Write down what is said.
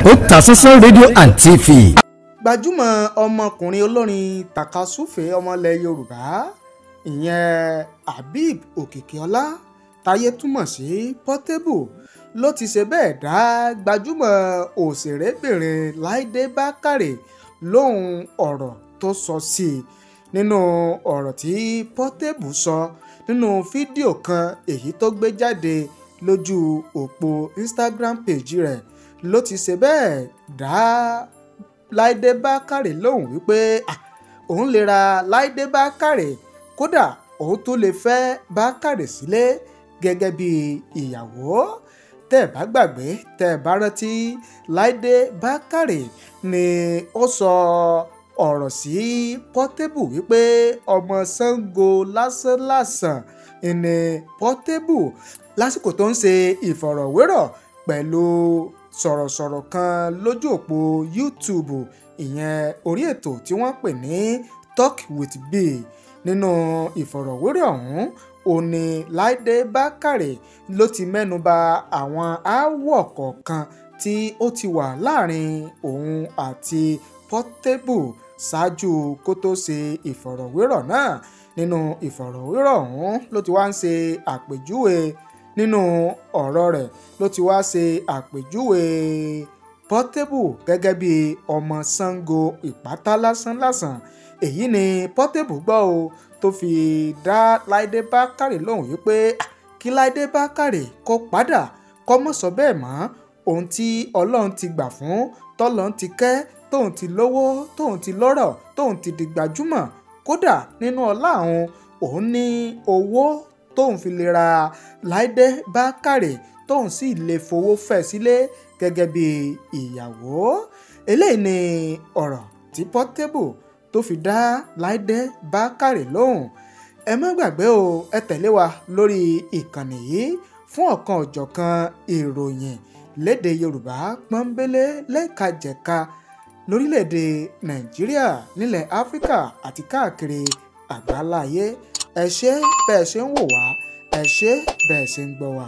Otasansan rédíò and TV. gbajúmọ̀ ọmọkùnrin olórin takasúfè ọmọlẹ̀ Yorùbá ìyẹn Habib Òkìkíọlá táyé túmọ̀ sí Portable ló ti ṣe bẹ́ẹ̀ dá gbajúmọ̀ òṣèrébìnrin Láìdé Bákàrè lóhùn ọ̀rọ̀ tó sọ sí i nínú ọ̀rọ̀ tí Portable sọ nínú fídíò kan èyí tó gbé jáde lójú òpó Instagram page rẹ̀ ló ti ṣe bẹ́ẹ̀ dá láìdé bákàrè lóhùn wípé òun lè ra láìdé bákàrè kódà òun tó lè fẹ́ bákàrè sílé gẹ́gẹ́ bí ìyàwó tẹ́ ẹ̀ bá gbàgbé tẹ́ ẹ̀ bá rántí láìdé bákàrè ni ó sọ ọ̀rọ̀ sí pọ́tébù wípé ọmọ Ṣàngó lásánlàsàn ni pọ́tébù lásìkò tó ń ṣe ìfọ̀rọ̀wérọ̀ pẹ̀lú sọ̀rọ̀sọ̀rọ̀ kan lójú òpó YouTube ìyẹn orí ètò tí wọ́n pè ní Talk with Bee nínú ìfọ̀rọ̀wérọ̀ ọ̀hún òní Láìdé Bákàrè ló ti mẹ́nuba àwọn aáwọ̀ kọ̀ọ̀kan tí ó ti wà láàrin òun àti Portable ṣáájú kó tó ṣe ìfọ̀rọ̀wérọ̀ náà nínú ìfọ̀rọ̀wérọ̀ ọ̀hún ló ti wá ń ṣe àpèjúwe nínú ọ̀rọ̀ rẹ̀ ló ti wá ṣe àpèjúwe Portable gẹ́gẹ́ bí ọmọ Ṣàngó ìpátá lásánlásán èyí ni Portable gbọ́ o tó fi dá Láìdé Bákàrè lóhùn yìí pé kí Láìdé Bákàrè kó padà kó mọ̀ sọ bẹ́ẹ̀ mọ́ ohun tí Ọlọ́run ti gbà fún tọ́lọ́run ti kẹ́ tóun ti lówó tóun ti lọ́rọ̀ tóun ti di gbajúmọ̀ kódà nínú ọlá òun òun ní owó tóun fi lè ra Láìdé Bákàrè tóun sì lè fowó fẹ̀ sílé gẹ́gẹ́ bí ìyàwó eléyìí ni ọ̀rọ̀ tí Portable tó fi dá Láìdé Bákàrè lóhùn ẹ má gbàgbé o ẹ tẹ̀lé wa lórí ìkànnì yìí fún ọ̀kan òjọ̀kan ìròyìn lédè Yorùbá pọ́nbélé lẹ́ẹ̀kajẹ̀ka lórílẹ̀‐èdè Nàìjíríà nílẹ̀ Áfíríkà àti káàkiri àgbáláyé ẹ ṣé bẹ́ẹ̀ ṣe ń wò wá ẹ ṣé bẹ́ẹ̀ ṣe ń gbọ́ wá.